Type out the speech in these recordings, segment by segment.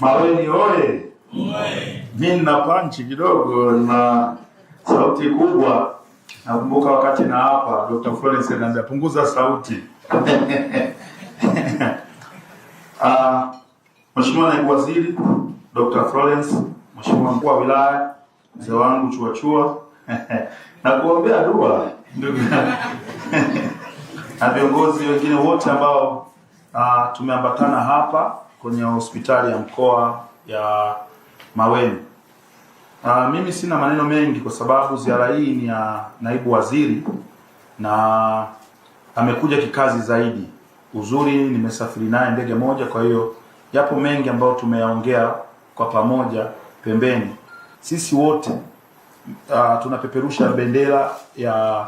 Maweni oye! Mi nina panchi kidogo na sauti kubwa. Nakumbuka wakati na hapa Dr. Florence ananiambia punguza sauti. Ah, Mheshimiwa Naibu Waziri Dr. Florence, Mheshimiwa Mkuu wa Wilaya, mzee wangu chua chua. na dua ndugu na viongozi wengine wote ambao uh, tumeambatana hapa kwenye hospitali ya mkoa ya Maweni. Aa, mimi sina maneno mengi kwa sababu ziara hii ni ya naibu waziri na amekuja kikazi zaidi. Uzuri nimesafiri naye ndege moja, kwa hiyo yapo mengi ambayo tumeyaongea kwa pamoja pembeni. Sisi wote uh, tunapeperusha bendera ya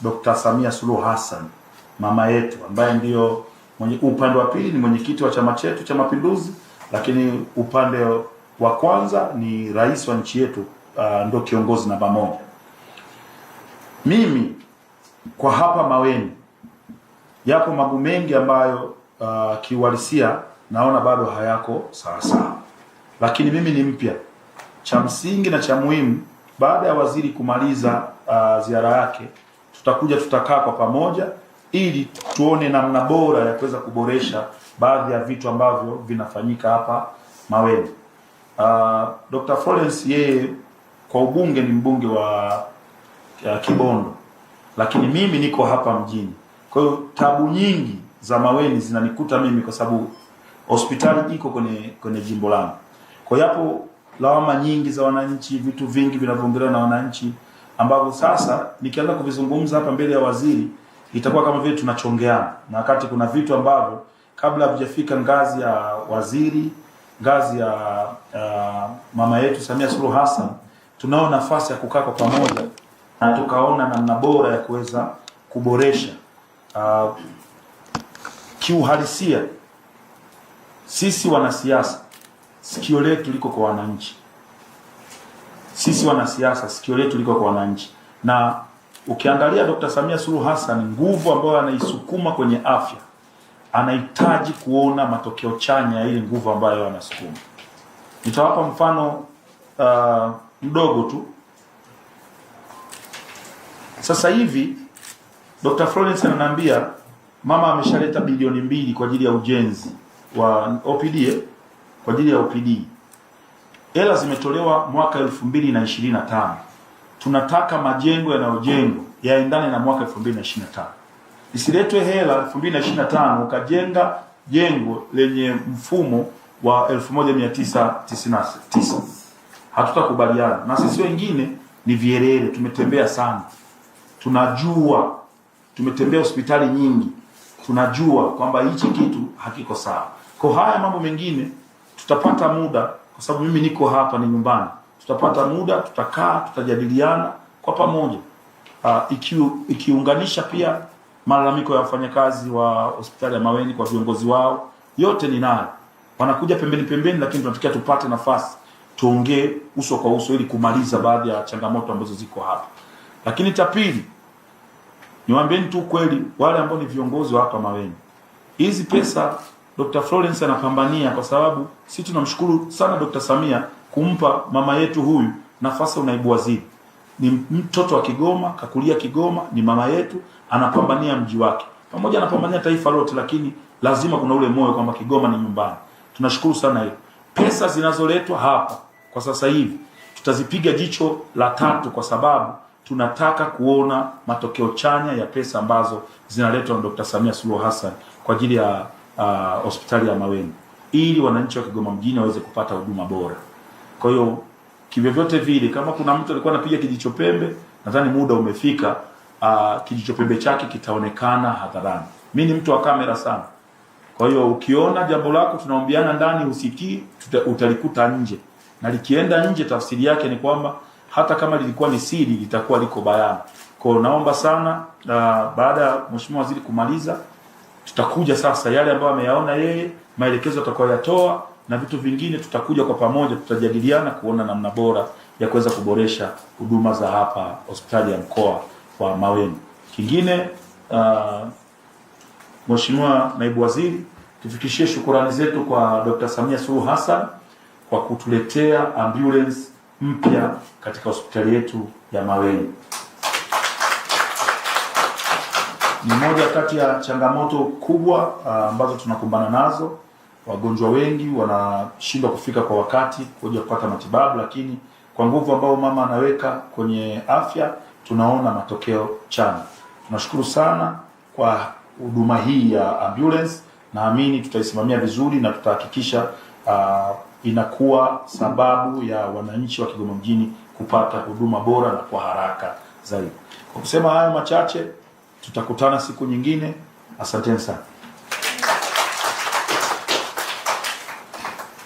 Dr. Samia Suluhu Hassan mama yetu ambaye ndiyo mwenye, upande wa pili ni mwenyekiti wa chama chetu cha Mapinduzi, lakini upande wa kwanza ni rais wa nchi yetu, uh, ndo kiongozi namba moja. Mimi kwa hapa Maweni yapo mambo mengi ambayo uh, kiuhalisia naona bado hayako sawa sawa, lakini mimi ni mpya. Cha msingi na cha muhimu, baada ya waziri kumaliza uh, ziara yake, tutakuja tutakaa kwa pamoja ili tuone namna bora ya kuweza kuboresha baadhi ya vitu ambavyo vinafanyika hapa Maweni. Uh, ah, Dr. Florence yeye kwa ubunge ni mbunge wa uh, Kibondo, lakini mimi niko hapa mjini, kwa hiyo tabu nyingi za Maweni zinanikuta mimi kwa sababu hospitali iko kwenye kwenye jimbo langu. Kwa hiyo hapo lawama nyingi za wananchi, vitu vingi vinavyoongelewa na wananchi ambavyo sasa nikianza kuvizungumza hapa mbele ya waziri itakuwa kama vile tunachongeana, na wakati kuna vitu ambavyo kabla havijafika ngazi ya waziri, ngazi ya uh, mama yetu Samia Suluhu Hassan, tunao nafasi ya kukaa kwa pamoja na tukaona namna bora ya kuweza kuboresha uh, kiuhalisia. Sisi wanasiasa sikio letu liko kwa wananchi, sisi wanasiasa sikio letu liko kwa wananchi na Ukiangalia Dr. Samia Suluhu Hassan, nguvu ambayo anaisukuma kwenye afya, anahitaji kuona matokeo chanya ya ile nguvu ambayo anasukuma. Nitawapa mfano uh, mdogo tu. Sasa hivi Dr. Florence ananiambia mama ameshaleta bilioni mbili kwa ajili ya ujenzi wa OPD eh? kwa ajili ya OPD. Hela zimetolewa mwaka 2025 tunataka majengo yanayojengwa yaendane na mwaka 2025. Isiletwe hela 2025 ukajenga jengo lenye mfumo wa 1999. Hatutakubaliana na sisi wengine ni vierere tumetembea sana, tunajua, tumetembea hospitali nyingi, tunajua kwamba hichi kitu hakiko sawa. Kwa haya mambo mengine tutapata muda, kwa sababu mimi niko hapa, ni nyumbani tutapata muda, tutakaa, tutajadiliana kwa pamoja, uh, ikiu, ikiunganisha pia malalamiko ya wafanyakazi wa hospitali ya Maweni kwa viongozi wao, yote ninayo. Wanakuja pembeni pembeni, lakini tunatakiwa tupate nafasi tuongee uso kwa uso ili kumaliza baadhi ya changamoto ambazo ziko hapa. Lakini cha pili, niwaambieni tu kweli wale ambao ni viongozi wa hapa Maweni, hizi pesa Dr. Florence anapambania kwa sababu sisi tunamshukuru sana Dr. Samia kumpa mama yetu huyu nafasi ya unaibu waziri. Ni mtoto wa Kigoma, kakulia Kigoma, ni mama yetu, anapambania mji wake pamoja, anapambania taifa lote, lakini lazima kuna ule moyo kwamba Kigoma ni nyumbani. Tunashukuru sana hiyo. Pesa zinazoletwa hapa kwa sasa hivi tutazipiga jicho la tatu, kwa sababu tunataka kuona matokeo chanya ya pesa ambazo zinaletwa na Dr. Samia Suluhu Hassan kwa ajili ya ah, hospitali uh, ya Maweni ili wananchi wa Kigoma mjini waweze kupata huduma bora. Kwa hiyo kivyovyote vile, kama kuna mtu alikuwa anapiga kijicho pembe, nadhani muda umefika, uh, kijicho pembe chake kitaonekana hadharani. Mimi ni mtu wa kamera sana, kwa hiyo ukiona jambo lako tunaombiana ndani, usikii utalikuta nje, na likienda nje, tafsiri yake ni kwamba hata kama lilikuwa ni siri litakuwa liko bayana. Kwa naomba sana, na ah, baada ya mheshimiwa waziri kumaliza, tutakuja sasa yale ambayo ameyaona yeye, maelekezo atakayoyatoa na vitu vingine tutakuja kwa pamoja, tutajadiliana kuona namna bora ya kuweza kuboresha huduma za hapa hospitali ya mkoa wa Maweni. Kingine uh, Mheshimiwa Naibu Waziri, tufikishie shukurani zetu kwa Dr. Samia Suluhu Hassan kwa kutuletea ambulance mpya katika hospitali yetu ya Maweni. Ni moja kati ya changamoto kubwa uh, ambazo uh, tunakumbana nazo wagonjwa wengi wanashindwa kufika kwa wakati kuja kupata matibabu, lakini kwa nguvu ambayo mama anaweka kwenye afya tunaona matokeo chana Tunashukuru sana kwa huduma hii ya ambulance. Naamini tutaisimamia vizuri na tutahakikisha uh, inakuwa sababu ya wananchi wa Kigoma mjini kupata huduma bora na kwa haraka zaidi. Kwa kusema hayo machache, tutakutana siku nyingine. Asanteni sana.